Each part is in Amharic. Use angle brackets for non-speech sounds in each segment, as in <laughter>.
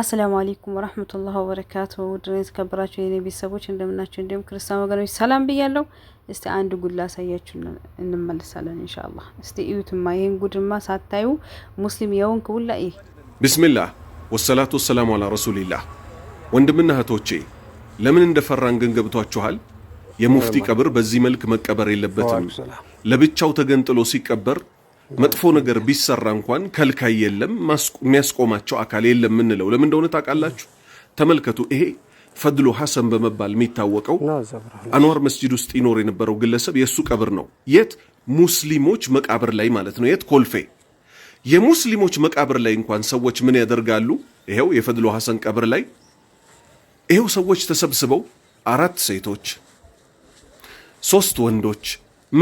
አሰላሙ አለይኩም ወራህመቱላሂ ወበረካቱ። ውድና የተከበራችሁ የኔ ቤተሰቦች እንደምናችሁ፣ እንዲሁም ክርስቲያን ወገኖች ሰላም ብያለሁ። እስቲ አንድ ጉድ ላሳያችሁ እንመለሳለን ኢንሻአላህ። እስቲ እዩትማ፣ ይሄን ጉድማ ሳታዩ ሙስሊም የውን ሁላ ይሄ ቢስሚላህ ወሰላቱ ወሰላሙ አላ ረሱሊላህ። ወንድምና እህቶቼ ለምን እንደፈራን ግን ገብቷችኋል? የሙፍቲ ቀብር በዚህ መልክ መቀበር የለበትም። ለብቻው ተገንጥሎ ሲቀበር መጥፎ ነገር ቢሰራ እንኳን ከልካይ የለም፣ የሚያስቆማቸው አካል የለም የምንለው ለምን እንደሆነ ታውቃላችሁ? ተመልከቱ። ይሄ ፈድሎ ሐሰን በመባል የሚታወቀው አንዋር መስጂድ ውስጥ ይኖር የነበረው ግለሰብ የእሱ ቀብር ነው። የት? ሙስሊሞች መቃብር ላይ ማለት ነው። የት? ኮልፌ የሙስሊሞች መቃብር ላይ እንኳን ሰዎች ምን ያደርጋሉ? ይሄው የፈድሎ ሐሰን ቀብር ላይ ይሄው ሰዎች ተሰብስበው አራት ሴቶች፣ ሶስት ወንዶች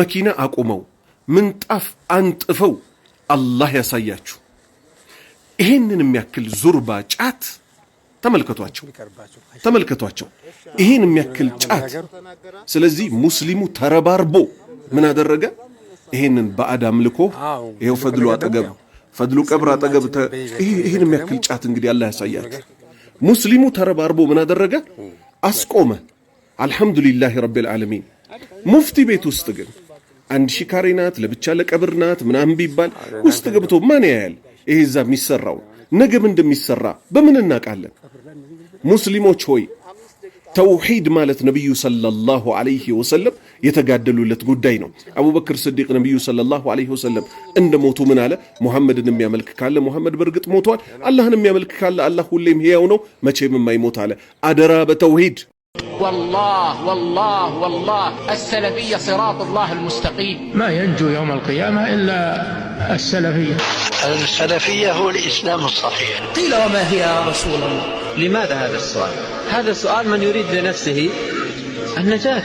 መኪና አቁመው ምንጣፍ አንጥፈው አላህ ያሳያችሁ። ይሄንን የሚያክል ዙርባ ጫት ተመልከቷቸው፣ ተመልከቷቸው ይሄን የሚያክል ጫት። ስለዚህ ሙስሊሙ ተረባርቦ ምን አደረገ? ይሄንን ባዕድ አምልኮ ይሄው ፈድሉ አጠገብ ፈድሉ ቀብር አጠገብ ይሄን የሚያክል ጫት እንግዲህ አላህ ያሳያችሁ። ሙስሊሙ ተረባርቦ ምን አደረገ? አስቆመ። አልሐምዱሊላህ ረቢል ዓለሚን። ሙፍቲ ቤት ውስጥ ግን አንድ ሺህ ካሬ ናት፣ ለብቻ ለቀብር ናት ምናምን ቢባል ውስጥ ገብቶ ማን ያያል? ይሄ እዛ የሚሰራው ነገ ምን እንደሚሰራ በምን እናውቃለን? ሙስሊሞች ሆይ ተውሂድ ማለት ነቢዩ ሰለላሁ ዐለይሂ ወሰለም የተጋደሉለት ጉዳይ ነው። አቡበክር ስዲቅ ነቢዩ ሰለላሁ ዐለይሂ ወሰለም እንደ ሞቱ ምን አለ? ሙሐመድን የሚያመልክ ካለ ሙሐመድ በእርግጥ ሞቷል፣ አላህን የሚያመልክ ካለ አላህ ሁሌም ሕያው ነው፣ መቼም የማይሞት አለ። አደራ በተውሂድ والله والله والله السلفية صراط الله المستقيم ما ينجو يوم القيامة إلا السلفية السلفية هو الإسلام الصحيح قيل وما هي يا رسول الله لماذا هذا السؤال هذا سؤال من يريد لنفسه النجاة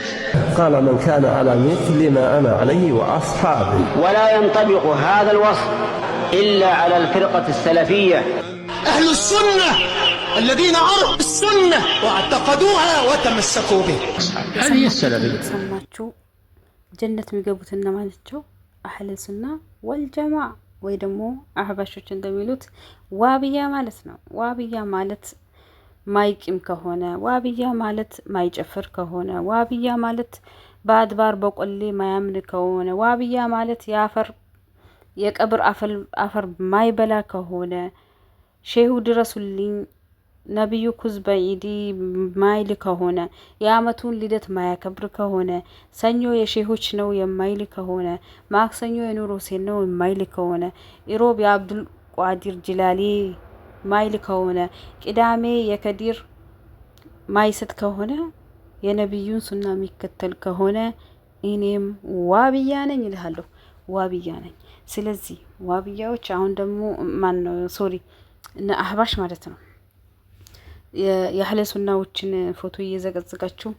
قال من كان على مثل ما أنا عليه وأصحابي ولا ينطبق هذا الوصف إلا على الفرقة السلفية أهل السنة الذين عرفوا السنة واعتقدوها وتمسكوا بها هذه السلفية ሰማችሁ ጀነት የሚገቡት እነማን ናቸው? አህል ሱና ወይ ደግሞ አህባሾች እንደሚሉት ዋብያ ማለት ነው። ዋብያ ማለት ማይቂም ከሆነ ዋብያ ማለት ማይጨፍር ከሆነ ዋብያ ማለት በአድባር በቆሌ ማያምን ከሆነ ዋብያ ማለት የአፈር የቀብር አፈር ማይበላ ከሆነ ሼሁ ድረሱልኝ ነቢዩ ኩዝ በኢዲ ማይል ከሆነ የአመቱን ልደት ማያከብር ከሆነ ሰኞ የሼሆች ነው የማይል ከሆነ ማክሰኞ የኑሮሴ ነው የማይል ከሆነ ኢሮብ የአብዱል ቋዲር ጅላሊ ማይል ከሆነ ቅዳሜ የከዲር ማይሰት ከሆነ የነቢዩን ሱና የሚከተል ከሆነ እኔም ዋብያ ነኝ ይልሃለሁ። ዋብያ ነኝ። ስለዚህ ዋብያዎች አሁን ደግሞ ማን ነው? ሶሪ አህባሽ ማለት ነው የአህለ ሱናዎችን ፎቶ እየዘቀዘቃችሁ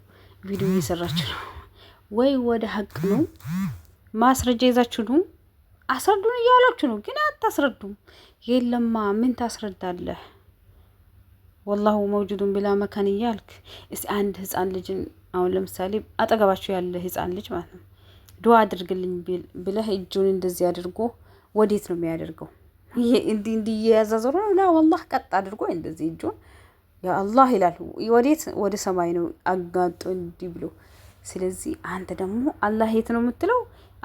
ቪዲዮ እየሰራችሁ ነው ወይ? ወደ ሀቅ ነው ማስረጃ ይዛችሁ ነው አስረዱን እያላችሁ ነው፣ ግን አታስረዱም። የለማ ምን ታስረዳለህ? ወላሁ መውጁዱን ቢላ መካን እያልክ እስቲ አንድ ህፃን ልጅን አሁን ለምሳሌ አጠገባችሁ ያለ ህፃን ልጅ ማለት ነው ዱዓ አድርግልኝ ብለህ እጁን እንደዚህ አድርጎ ወዴት ነው የሚያደርገው? እንዲህ እንዲህ እያዛዘሩ ላ ወላህ ቀጥ አድርጎ እንደዚህ እጁን አላህ ይላል። ወዴት ወደ ሰማይ ነው አጋጦ እንዲህ ብሎ። ስለዚህ አንተ ደግሞ አላህ የት ነው የምትለው?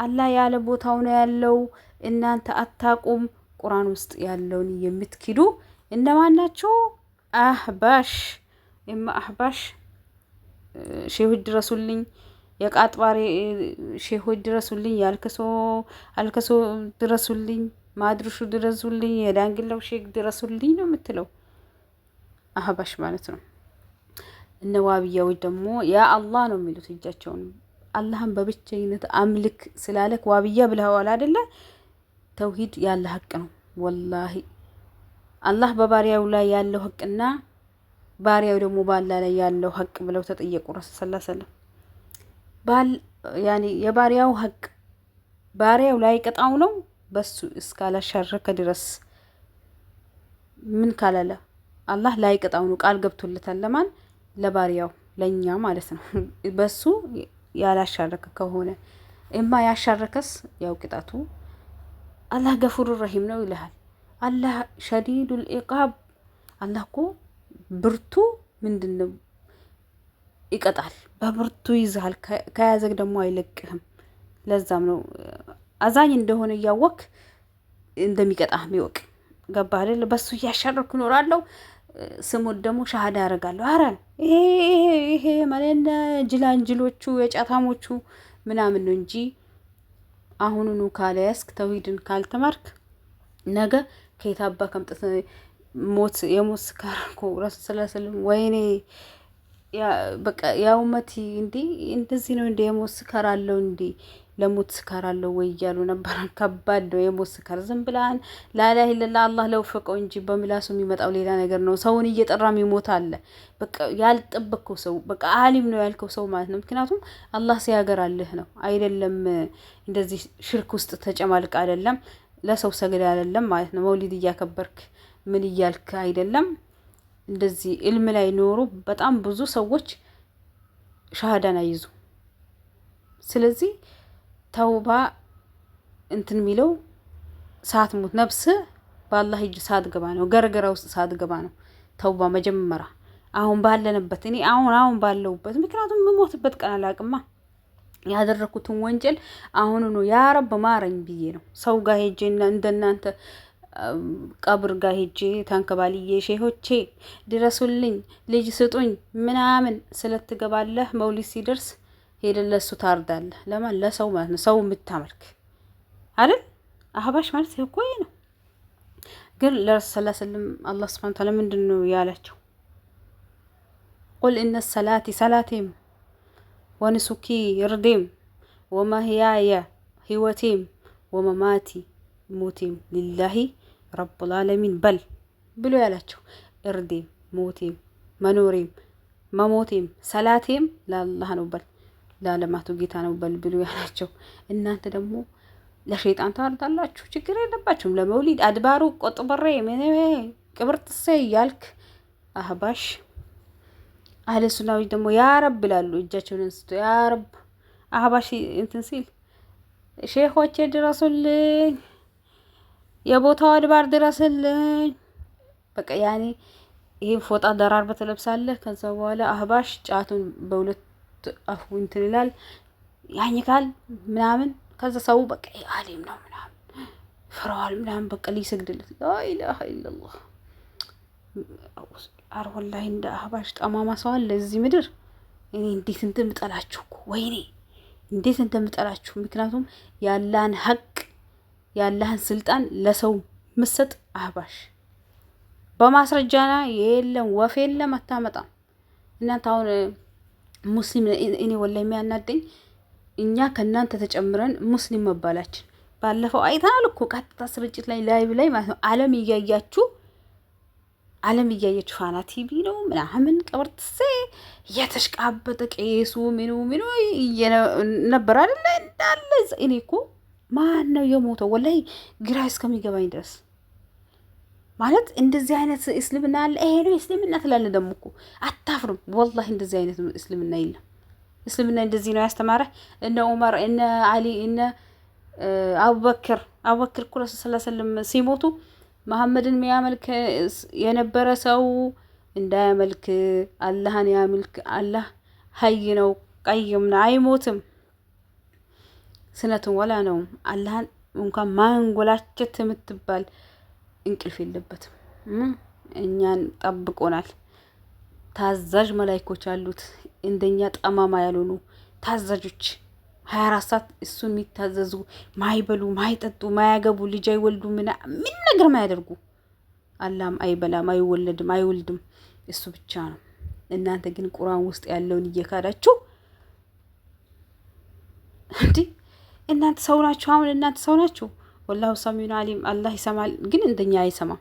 አላህ ያለ ቦታው ነው ያለው። እናንተ አታቁም። ቁርአን ውስጥ ያለውን የምትክዱ እነማን ናቸው? አህባሽ እማ አህባሽ ሼሆች ድረሱልኝ፣ የቃጥባሬ ሼሆች ድረሱልኝ፣ የአልከሶ አልከሶ ድረሱልኝ፣ ማድርሹ ድረሱልኝ፣ የዳንግለው ሼክ ድረሱልኝ ነው የምትለው። አህባሽ ማለት ነው። እነ ዋብያዎች ደግሞ ያ አላህ ነው የሚሉት እጃቸውን አላህን በብቸኝነት አምልክ ስላለክ ዋብያ ብለዋል አይደለ? ተውሂድ ያለ ሀቅ ነው። ወላሂ አላህ በባሪያው ላይ ያለው ሀቅና ባሪያው ደግሞ ባላ ላይ ያለው ሀቅ ብለው ተጠየቁ ረሱል ሰለላሁ ባል የባሪያው ሀቅ ባሪያው ላይ ቅጣው ነው በሱ እስካላሻረከ ድረስ ምን ካላለ አላህ ላይቀጣው ነው ቃል ገብቶለታል። ለማን ለባሪያው ለእኛ ማለት ነው። <laughs> በሱ ያላሻረከ ከሆነ እማ ያሻረከስ ያው ቅጣቱ አላህ ገፉሩ ረሂም ነው ይልሃል። አላህ ሸዲዱል ኢቃብ አላህ እኮ ብርቱ ምንድን ነው ይቀጣል። በብርቱ ይዝሃል። ከያዘግ ደግሞ አይለቅህም። ለዛም ነው አዛኝ እንደሆነ እያወቅ እንደሚቀጣህ ሚወቅ ገባህ አይደል? በሱ እያሻረኩ እኖራለሁ ስሙን ደግሞ ሻሃዳ አደርጋለሁ። አረን ይሄ ማለት ጅላንጅሎቹ የጫታሞቹ ምናምን ነው እንጂ አሁኑኑ ካልያዝክ ተውሂድን ካልተማርክ ነገ ከየት አባ ከምጠት ሞት የሞት ስካር እኮ ስላ ስለም ወይኔ በቃ ያውመቲ እንዲ እንደዚህ ነው እንዲ የሞት ስካር አለው እንዲ ለሞት ስካር አለው ወይ እያሉ ነበር። <laughs> ከባድ ነው የሞት ስካር። ዝም ብላን ላላ ለላ አላህ ለውፈቀው እንጂ በምላሱ የሚመጣው ሌላ ነገር ነው። ሰውን እየጠራ የሚሞት አለ። በቃ ያልጠበቅከው ሰው በቃ አሊም ነው ያልከው ሰው ማለት ነው። ምክንያቱም አላህ ሲያገራልህ ነው አይደለም። እንደዚህ ሽርክ ውስጥ ተጨማልቅ አይደለም፣ ለሰው ሰግድ አይደለም ማለት ነው። መውሊድ እያከበርክ ምን እያልክ አይደለም። እንደዚህ እልም ላይ ኖሩ በጣም ብዙ ሰዎች ሻሃዳን አይዙ ስለዚህ ተውባ እንትን የሚለው ሳትሞት ነፍስ በአላህ እጅ ሳትገባ ነው፣ ገርገራ ውስጥ ሳትገባ ነው ተውባ መጀመሪያ። አሁን ባለንበት እኔ አሁን አሁን ባለውበት ምክንያቱም የምሞትበት ቀን አላቅማ ያደረኩትን ወንጀል አሁኑ ነው ያረብ ረብ ማረኝ ብዬ ነው ሰው ጋር ሄጄ እንደናንተ ቀብር ጋር ሄጄ ተንከባልዬ ሼሆቼ ድረሱልኝ ልጅ ስጡኝ ምናምን ስለትገባለህ መውሊድ ሲደርስ ሄደ ለሱ ታርዳለህ። ለማን ለሰው ማለት ነው። ሰው የምታመልክ አይደል? አህባሽ ማለት እኮ ይሄ ነው። ግን ለረሱል ስለም አላህ ስብሐነ ተዓላ ምንድን ነው ያላቸው? ቁል እነ ሰላቲ ሰላቴም ወንሱኪ እርዴም ወማህያየ ህይወቴም ወመማቲ ሞቴም ሊላሂ ረቡል ዓለሚን በል ብሎ ያላቸው እርዴም ሞቴም መኖሬም መሞቴም ሰላቴም ለአላህ ነው በል ለዓለማቱ ጌታ ነው በል ብሎ ያላቸው እናንተ ደግሞ ለሸይጣን ታርዳላችሁ። ችግር የለባችሁም። ለመውሊድ አድባሩ ቆጥበሬ ቅብር ጥሴ ያልክ አህባሽ አህለ ሱናዎች ደግሞ ያረብ ብላሉ። እጃቸውን እንስቶ ያረብ አህባሽ እንትን ሲል ሼሆቼ ድረሱልኝ፣ የቦታው አድባር ድረስልኝ። በቃ ያኔ ይህን ፎጣ ደራር በተለብሳለህ። ከዛ በኋላ አህባሽ ጫቱን በሁለት አፉ እንትን ይላል ያኝካል ምናምን ከዛ ሰው በቃ አሊም ነው ምናምን ፍረዋል ምናምን በቃ ሊሰግድለት ላኢላሃ ኢለላህ አር ወላሂ እንደ አህባሽ ጠማማ ሰዋል ለዚህ ምድር እኔ እንዴት እንደምጠላችሁ ወይኔ እንዴት እንደምጠላችሁ ምክንያቱም ያላህን ሀቅ ያላህን ስልጣን ለሰው ምሰጥ አህባሽ በማስረጃና የለም ወፍ የለም አታመጣም እናንተ አሁን ሙስሊም እኔ ወላሂ የሚያናደኝ እኛ ከእናንተ ተጨምረን ሙስሊም መባላችን። ባለፈው አይተናል እኮ ቀጥታ ስርጭት ላይ ላይቭ ላይ ማለት ነው። ዓለም እያያችሁ ዓለም እያየችሁ ፋና ቲቪ ነው ምናምን ቀበርትሴ እየተሽቃበጠ ቄሱ ምኑ ምኑ ነበር አይደለ? እንዳለ እኔ እኮ ማን ነው የሞተው? ወላይ ግራ እስከሚገባኝ ድረስ ማለት እንደዚህ አይነት እስልምና አለ። ይሄ ነው እስልምና ትላለ። ደግሞ እኮ አታፍርም። ወላሂ እንደዚህ አይነት እስልምና የለም። እስልምና እንደዚህ ነው ያስተማረ። እነ ዑመር፣ እነ አሊ፣ እነ አቡበክር አቡበክር እኮ ረሱል ስላ ስለም ሲሞቱ መሐመድን የሚያመልክ የነበረ ሰው እንዳያመልክ አላህን ያምልክ። አላህ ሀይ ነው ቀይም ነው አይሞትም። ስነቱን ወላ ነው አላህን እንኳን ማንጎላቸት የምትባል እንቅልፍ የለበትም። እኛን ጠብቆናል። ታዛዥ መላይኮች አሉት። እንደኛ ጠማማ ያልሆኑ ታዛዦች ሀያ አራት ሰዓት እሱን የሚታዘዙ ማይበሉ፣ ማይጠጡ፣ ማያገቡ፣ ልጅ አይወልዱ፣ ምና ምን ነገር ማያደርጉ። አላም አይበላም፣ አይወለድም፣ አይወልድም እሱ ብቻ ነው። እናንተ ግን ቁርአን ውስጥ ያለውን እየካዳችሁ እንዲህ እናንተ ሰው ናችሁ። አሁን እናንተ ሰው ናችሁ። ወላሁ ሰሚዑን አሊም አላህ ይሰማል፣ ግን እንደኛ አይሰማም።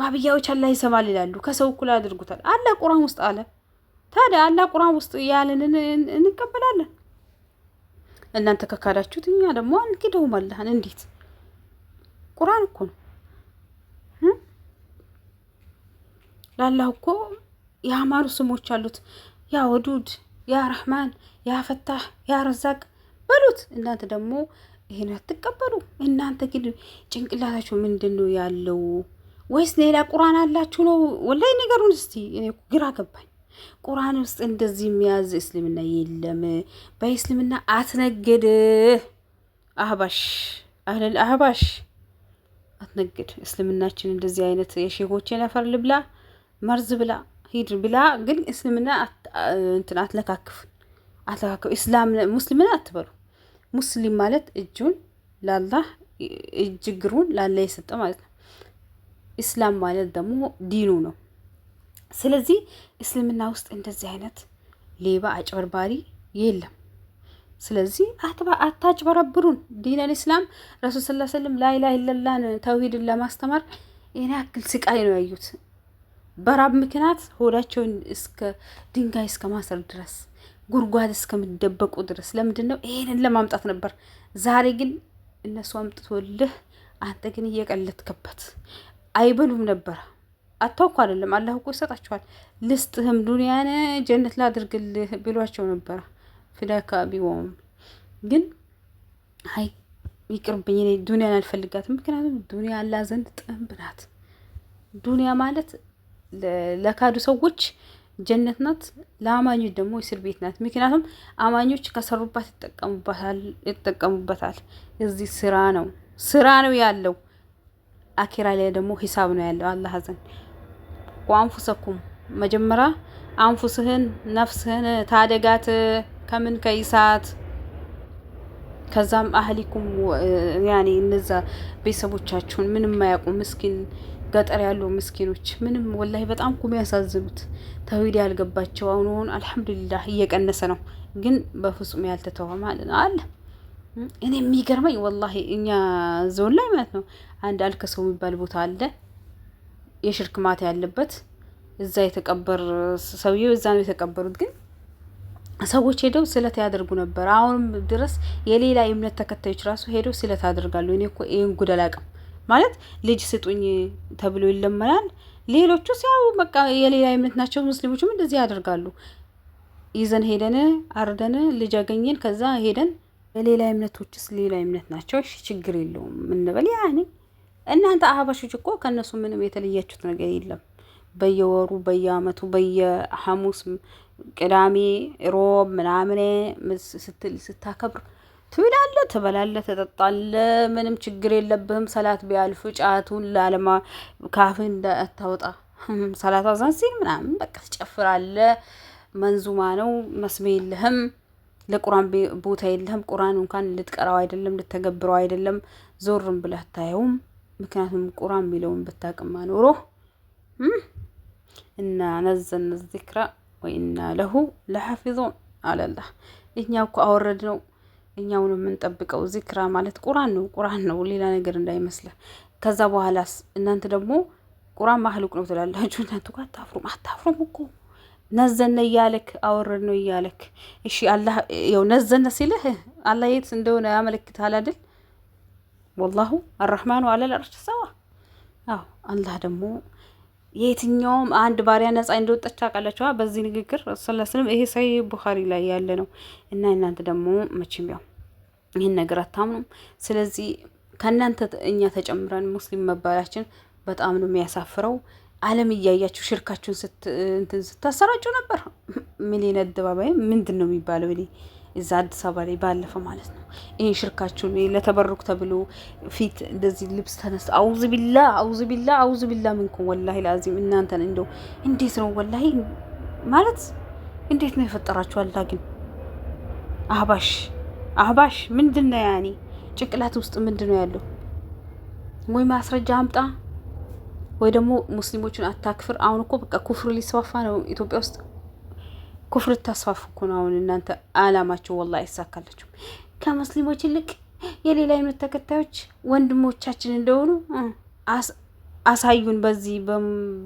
ዋህብያዎች አላህ ይሰማል ይላሉ። ከሰው እኩል አድርጉታል። አላህ ቁርአን ውስጥ አለ። ታዲያ አላህ ቁርአን ውስጥ ያለን እንቀበላለን። እናንተ ከካዳችሁት እኛ ደግሞ አንክደውም። አላህን እንዴት ቁርአን እኮ ነው ላላህ እኮ የአማሩ ስሞች አሉት። ያ ወዱድ፣ ያ ረህማን፣ ያ ፈታህ፣ ያ ረዛቅ በሉት። እናንተ ደግሞ ይሄን አትቀበሉ። እናንተ ግን ጭንቅላታችሁ ምንድን ነው ያለው? ወይስ ሌላ ቁራን አላችሁ ነው? ወላይ ነገሩን እስቲ ግራ ገባኝ። ቁርአን ውስጥ እንደዚህ የሚያዝ እስልምና የለም። በእስልምና አትነግድ አህባሽ አህለል አህባሽ አትነግድ። እስልምናችን እንደዚህ አይነት የሼሆችን አፈር ልብላ መርዝ ብላ ሂድ ብላ፣ ግን እስልምና እንትን አትለካክፍ አትለካክፍ። እስላም ሙስሊምን አትበሉ። ሙስሊም ማለት እጁን ላላህ እጅ እግሩን ላላህ የሰጠ ማለት ነው። ኢስላም ማለት ደግሞ ዲኑ ነው። ስለዚህ እስልምና ውስጥ እንደዚህ አይነት ሌባ አጭበርባሪ የለም። ስለዚህ አታጭበረብሩን። ዲነል ኢስላም ረሱል ላ ስለም ላይላ ለላን ተውሂድን ለማስተማር ይህን ያክል ስቃይ ነው ያዩት። በራብ ምክንያት ሆዳቸውን ድንጋይ እስከ ማሰር ድረስ ጉድጓድ እስከሚደበቁ ድረስ ለምንድን ነው ይሄንን ለማምጣት ነበር። ዛሬ ግን እነሱ አምጥቶልህ፣ አንተ ግን እየቀለድክበት። አይበሉም ነበር አታውኩ አይደለም። አላህ እኮ ይሰጣችኋል። ልስጥህም ዱንያን ጀነት ላድርግልህ ብሏቸው ነበረ። ፍዳካ ቢሆም ግን አይ ይቅርብኝ፣ እኔ ዱንያን አልፈልጋትም። ምክንያቱም ዱንያ አላህ ዘንድ ጥንብ ናት። ዱንያ ማለት ለካዱ ሰዎች ጀነት ናት፣ ለአማኞች ደግሞ እስር ቤት ናት። ምክንያቱም አማኞች ከሰሩባት ይጠቀሙበታል። እዚህ ስራ ነው ስራ ነው ያለው። አኪራ ላይ ደግሞ ሂሳብ ነው ያለው። አላህ ዘንድ ወአንፉሰኩም መጀመሪያ አንፉስህን ነፍስህን ታደጋት ከምን ከይሳት ከዛም አህሊኩም ያኔ እነዛ ቤተሰቦቻችሁን ምንም ማያውቁ ምስኪን ገጠር ያሉ ምስኪኖች ምንም ወላሂ በጣም ኩም ያሳዝኑት ተውሂድ ያልገባቸው አሁን ሆን አልሐምዱሊላህ እየቀነሰ ነው፣ ግን በፍጹም ያልተተወ ማለት ነው አለ። እኔ የሚገርመኝ ወላሂ እኛ ዞን ላይ ማለት ነው አንድ አልከሰው የሚባል ቦታ አለ፣ የሽርክ ማታ ያለበት እዛ የተቀበር ሰውዬው እዛ ነው የተቀበሩት፣ ግን ሰዎች ሄደው ስለት ያደርጉ ነበር። አሁንም ድረስ የሌላ የእምነት ተከታዮች ራሱ ሄደው ስለት አደርጋሉ እኔ እኮ ይህን ጉድ አላውቅም። ማለት ልጅ ስጡኝ ተብሎ ይለመናል። ሌሎቹስ ያው በቃ የሌላ እምነት ናቸው። ሙስሊሞችም እንደዚህ ያደርጋሉ። ይዘን ሄደን አርደን ልጅ አገኘን። ከዛ ሄደን የሌላ እምነቶችስ ሌላ እምነት ናቸው። እሺ ችግር የለውም እንበል። ያኔ እናንተ አህባሾች እኮ ከእነሱ ምንም የተለያችሁት ነገር የለም። በየወሩ በየአመቱ በየሐሙስ ቅዳሜ፣ ሮብ ምናምን ስትል ስታከብር ትብላለ፣ ትበላለህ፣ ትጠጣለህ። ምንም ችግር የለብህም። ሰላት ቢያልፍ ጫቱን ላለማ ካፍህ እንዳታወጣ <laughs> ሰላት አዛን ሲል ምናምን በቃ ትጨፍራለ። መንዙማ ነው መስሜ የለህም። ለቁራን ቦታ የለህም። ቁራን እንኳን ልትቀራው አይደለም ልተገብረው አይደለም ዞርም ብለህ አታየውም። ምክንያቱም ቁራን የሚለውን ብታቅማ ኖሮ እና ነዘነ ዚክራ ወይና ለሁ ለሐፊዞን አለላ እኛ እኮ አወረድ ነው እኛው ነው የምንጠብቀው። ዚክራ ማለት ቁራን ነው፣ ቁራን ነው፣ ሌላ ነገር እንዳይመስለ። ከዛ በኋላስ እናንተ ደግሞ ቁራን ማህሉቅ ነው ትላላችሁ። እናንተ ጋር አታፍሩም? አታፍሩም እኮ ነዘነ እያለክ አወረድ ነው እያለክ። እሺ አላህ ያው ነዘነ ሲልህ አላህ የት እንደሆነ ያመለክታል አይደል? ወላሁ አራህማኑ አለል አርሽ ሰዋ። አዎ አላህ ደግሞ የትኛውም አንድ ባሪያ ነጻ እንደወጣች አውቃላችኋ። በዚህ ንግግር ሰለስንም ይሄ ሳይ ቡኻሪ ላይ ያለ ነው እና እናንተ ደግሞ መቼም ያው ይህን ነገር አታምኑም። ስለዚህ ከእናንተ እኛ ተጨምረን ሙስሊም መባላችን በጣም ነው የሚያሳፍረው። ዓለም እያያችሁ ሽርካችሁን እንትን ስታሰራጩ ነበር። ምን ነደባባይ ምንድን ነው የሚባለው? እኔ እዛ አዲስ አበባ ላይ ባለፈው ማለት ነው። ይሄ ሽርካችሁን ለተበሩክ ተብሎ ፊት እንደዚህ ልብስ ተነስ። አውዝ ቢላ አውዝ ቢላ አውዝ ቢላ ምንኩም ወላሂ ለአዚም እናንተን እንደው እንዴት ነው ወላሂ ማለት እንዴት ነው የፈጠራችሁ? አላ ግን አህባሽ አህባሽ ምንድን ነው ያኔ ጭንቅላት ውስጥ ምንድን ነው ያለው? ወይ ማስረጃ አምጣ ወይ ደግሞ ሙስሊሞችን አታክፍር። አሁን እኮ በቃ ኩፍር ሊስፋፋ ነው ኢትዮጵያ ውስጥ ኩፍር ታስፋፉ እኮ ነው አሁን እናንተ አላማችሁ ወላ አይሳካላችሁ። ከሙስሊሞች ይልቅ የሌላ እምነት ተከታዮች ወንድሞቻችን እንደሆኑ አሳዩን። በዚህ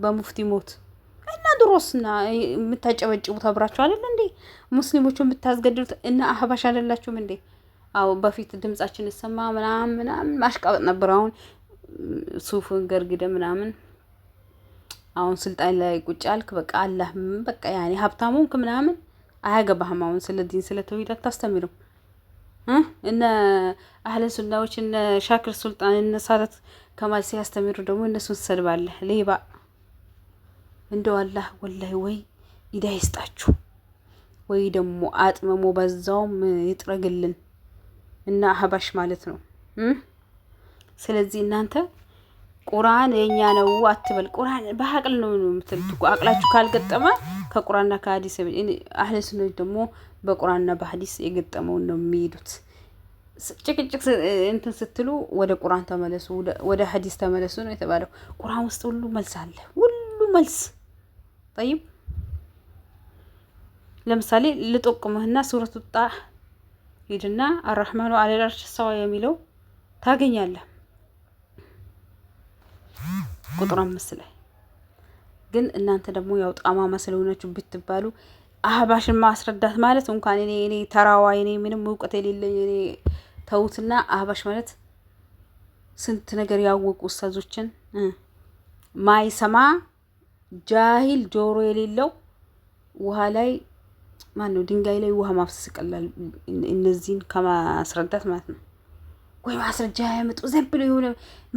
በሙፍቲ ሞት እና ድሮስና የምታጨበጭቡት አብራችሁ አለ እንዴ? ሙስሊሞቹ የምታስገድሉት እና አህባሽ አይደላችሁም እንዴ? አዎ በፊት ድምጻችን ሰማ ምናምን ምናምን ማሽቃበጥ ነበር። አሁን ሱፍን ገርግደ ምናምን አሁን ስልጣን ላይ ቁጭ አልክ በቃ አላህ በቃ ያኔ ሀብታሙም ከምናምን አያገባህም። አሁን ስለ ዲን ስለ ተውሂድ አታስተምርም። እነ አህለ ሱናዎች እነ ሻክር ሱልጣን እነ ሳረት ከማል ሲያስተምሩ ደግሞ እነሱን ትሰድባለህ። ሌባ እንደው አላህ ወላይ ወይ ኢዳ ይስጣችሁ ወይ ደግሞ አጥመሞ በዛውም ይጥረግልን እና አህባሽ ማለት ነው። ስለዚህ እናንተ ቁርአን የኛ ነው አትበል። ቁርአን በአቅል ነው የምትል አቅላችሁ ካልገጠመ ከቁርአንና ከሀዲስ አህለ ስኖች ደግሞ በቁርአንና በሀዲስ የገጠመውን ነው የሚሄዱት። ጭቅጭቅ እንትን ስትሉ ወደ ቁርአን ተመለሱ፣ ወደ ሀዲስ ተመለሱ ነው የተባለው። ቁርአን ውስጥ ሁሉ መልስ አለ፣ ሁሉ መልስ ጠይብ። ለምሳሌ ልጠቁምህና ሱረቱ ጣህ ሂድና አራህማኑ አለል አርሽ ስተዋ የሚለው ታገኛለህ። ቁጥር አምስት ላይ ግን እናንተ ደግሞ ያው ጣማማ ስለሆነችሁ ብትባሉ አህባሽን ማስረዳት ማለት እንኳን እኔ እኔ ተራዋ እኔ ምንም እውቀት የሌለኝ እኔ ተውትና፣ አህባሽ ማለት ስንት ነገር ያወቁ ኡስታዞችን ማይሰማ ጃሂል ጆሮ የሌለው ውሃ ላይ ማን ነው ድንጋይ ላይ ውሃ ማፍሰስ ይቀላል። እነዚህን ከማስረዳት ማለት ነው። ወይ ማስረጃ ያመጡ ዘብሎ የሆነ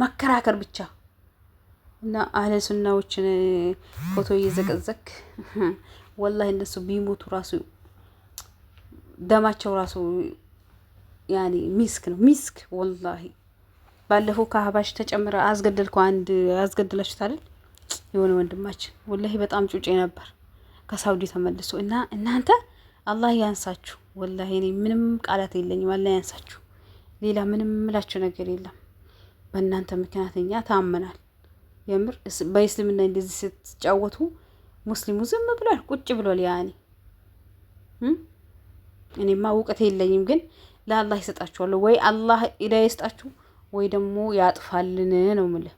መከራከር ብቻ እና አህለ ሱናዎችን ፎቶ እየዘቀዘክ <laughs> ወላሂ እነሱ ቢሞቱ ራሱ ደማቸው ራሱ ያኔ ሚስክ ነው ሚስክ። ወላሂ ባለፈው ከአህባሽ ተጨምረ አስገደልኩ አንድ አስገድላችሁት አይደል? የሆነ ወንድማችን ወላሂ በጣም ጩጬ ነበር ከሳውዲ ተመልሶ እና እናንተ አላህ ያንሳችሁ። ወላሂ እኔ ምንም ቃላት የለኝም። አላህ ያንሳችሁ። ሌላ ምንም ምላችሁ ነገር የለም። በእናንተ ምክንያት እኛ ታምናል። የምር በእስልምና እንደዚህ ስትጫወቱ ሙስሊሙ ዝም ብሏል፣ ቁጭ ብሏል። ያኔ እኔማ እውቀት የለኝም፣ ግን ለአላህ ይሰጣችኋለሁ። ወይ አላህ ኢዳ ይስጣችሁ፣ ወይ ደግሞ ያጥፋልን ነው ምልህ።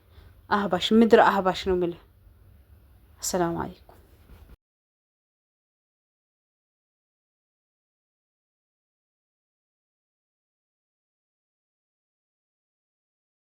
አህባሽ ምድር አህባሽ ነው ምልህ። አሰላሙ አለይኩም።